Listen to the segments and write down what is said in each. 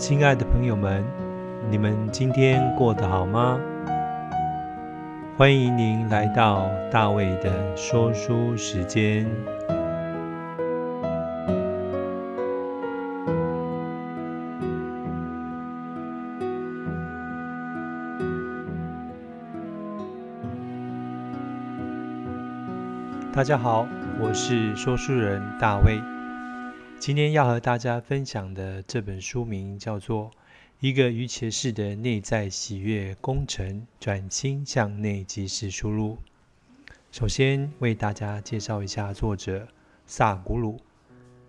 親愛的朋友們，你們今天過得好嗎？歡迎您來到大衛的說書時間。大家好，我是說書人大衛。今天要和大家分享的這本書名叫做《一個瑜伽士的內在喜悅工程：轉心向內，即是輸入》。首先為大家介紹一下作者薩古魯，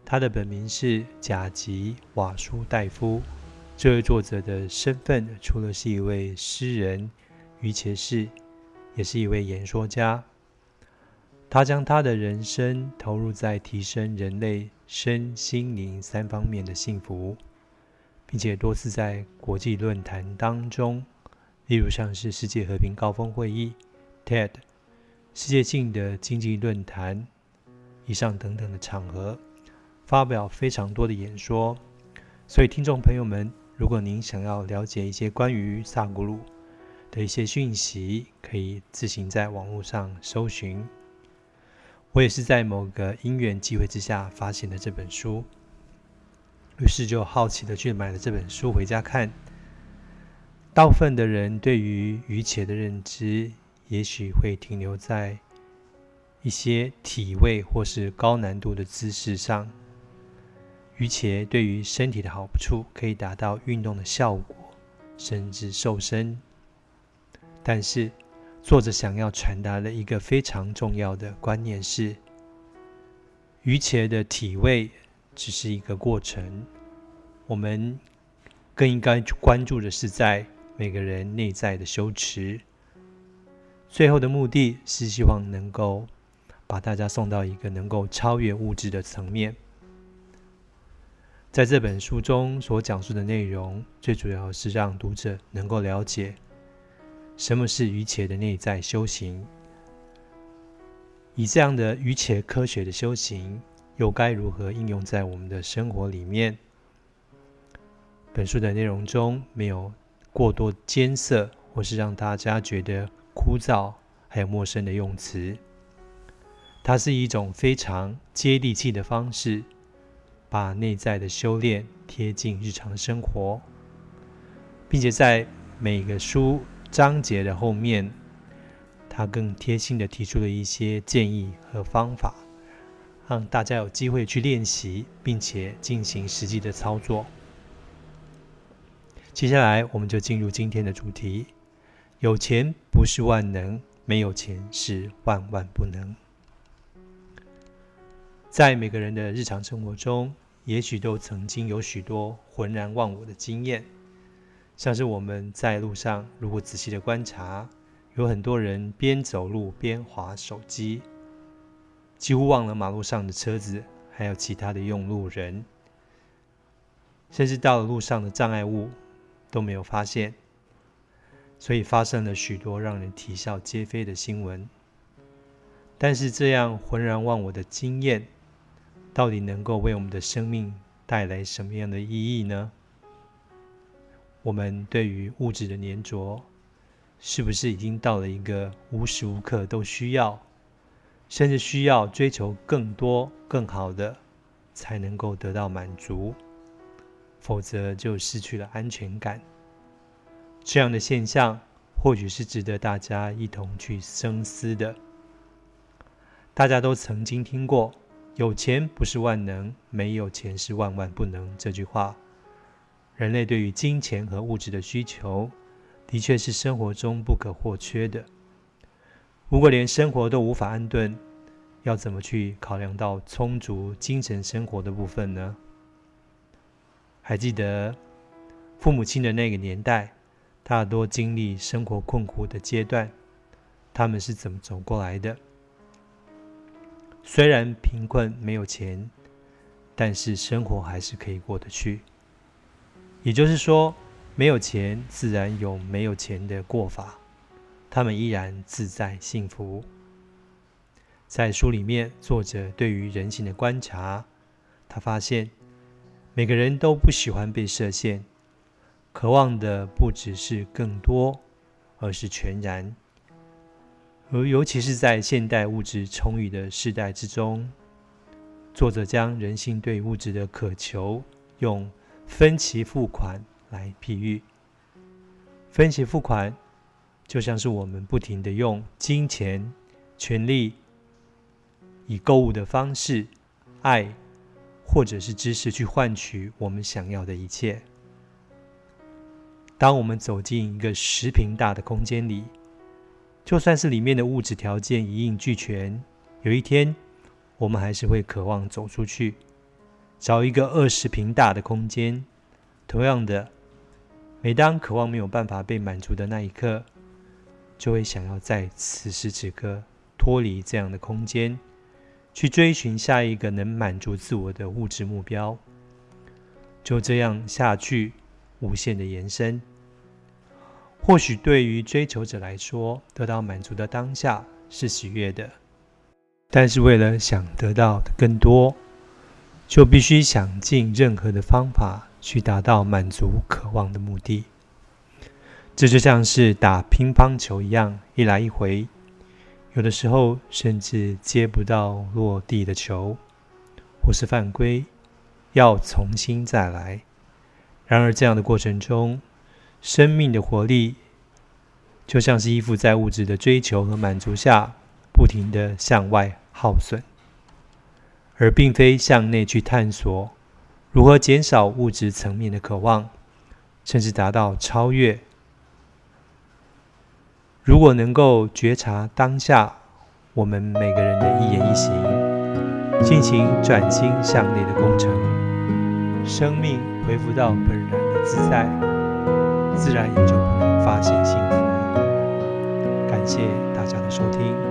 他的本名是賈吉瓦舒戴夫。這位作者的身份除了是一位詩人、瑜伽士，也是一位演說家。他將他的人生投入在提升人類。身心靈三方面的幸福，並且多次在國際論壇當中，例如像是世界和平高峰會議、TED、世界性的經濟論壇以上等等的場合，發表非常多的演說。所以，聽眾朋友們，如果您想要了解一些關於薩古魯的一些訊息，可以自行在網絡上搜尋。我也是在某個因緣機會之下發現了這本書，於是就好奇的去買了這本書回家看。大部分的人對於瑜伽的認知，也許會停留在一些體位或是高難度的姿勢上。瑜伽對於身體的好處，可以達到運動的效果，甚至瘦身。但是。作者想要傳達的一個非常重要的觀念是：瑜伽的體位只是一個過程，我們更應該關注的是在每個人內在的修持。最後的目的是希望能夠把大家送到一個能夠超越物質的層面。在這本書中所講述的內容，最主要是讓讀者能夠了解。什麼是瑜伽的內在修行？以這樣的瑜伽科學的修行，又該如何應用在我們的生活裡面？本書的內容中沒有過多艱澀或是讓大家覺得枯燥還有陌生的用詞，它是一種非常接地氣的方式，把內在的修煉貼近日常生活，並且在每個書。章節的後面，他更貼心的提出了一些建議和方法，讓大家有機會去練習，並且進行實際的操作。接下來，我們就進入今天的主題：有錢不是萬能，沒有錢是萬萬不能。在每個人的日常生活中，也許都曾經有許多渾然忘我的經驗。像是我們在路上，如果仔細的觀察，有很多人邊走路邊滑手機，幾乎忘了馬路上的車子，還有其他的用路人，甚至到了路上的障礙物都沒有發現，所以發生了許多讓人啼笑皆非的新聞。但是這樣渾然忘我的經驗，到底能夠為我們的生命帶來什麼樣的意義呢？我們對於物質的粘着，是不是已經到了一個無時無刻都需要，甚至需要追求更多、更好的，才能夠得到滿足？否則就失去了安全感。這樣的現象，或許是值得大家一同去深思的。大家都曾經聽過“有錢不是萬能，沒有錢是萬萬不能”這句話。人類對於金錢和物質的需求，的確是生活中不可或缺的。如果連生活都無法安頓，要怎麼去考量到充足精神生活的部分呢？還記得父母親的那個年代，大多經歷生活困苦的階段，他們是怎麼走過來的？雖然貧困沒有錢，但是生活還是可以過得去。也就是說，沒有錢，自然有沒有錢的過法，他們依然自在幸福。在書裡面，作者對於人性的觀察，他發現每個人都不喜歡被設限，渴望的不只是更多，而是全然。而尤其是在現代物質充裕的世代之中，作者將人性對物質的渴求用。分期付款來譬喻，分期付款就像是我們不停的用金錢、權力、以購物的方式、愛，或者是知識去換取我們想要的一切。當我們走進一個十坪大的空間裡，就算是裡面的物質條件一應俱全，有一天我們還是會渴望走出去。找一個二十平大的空間。同樣的，每當渴望沒有辦法被滿足的那一刻，就會想要在此時此刻脫離這樣的空間，去追尋下一個能滿足自我的物質目標。就這樣下去，無限的延伸。或許對於追求者來說，得到滿足的當下是喜悅的，但是為了想得到的更多。就必須想盡任何的方法去達到滿足渴望的目的。這就像是打乒乓球一樣，一來一回，有的時候甚至接不到落地的球，或是犯規，要重新再來。然而，這樣的過程中，生命的活力就像是依附在物質的追求和滿足下，不停的向外耗損。而並非向內去探索如何減少物質層面的渴望，甚至達到超越。如果能夠覺察當下我們每個人的一言一行，進行轉心向內的工程，生命恢復到本然的自在，自然也就不能發現幸福。感謝大家的收聽。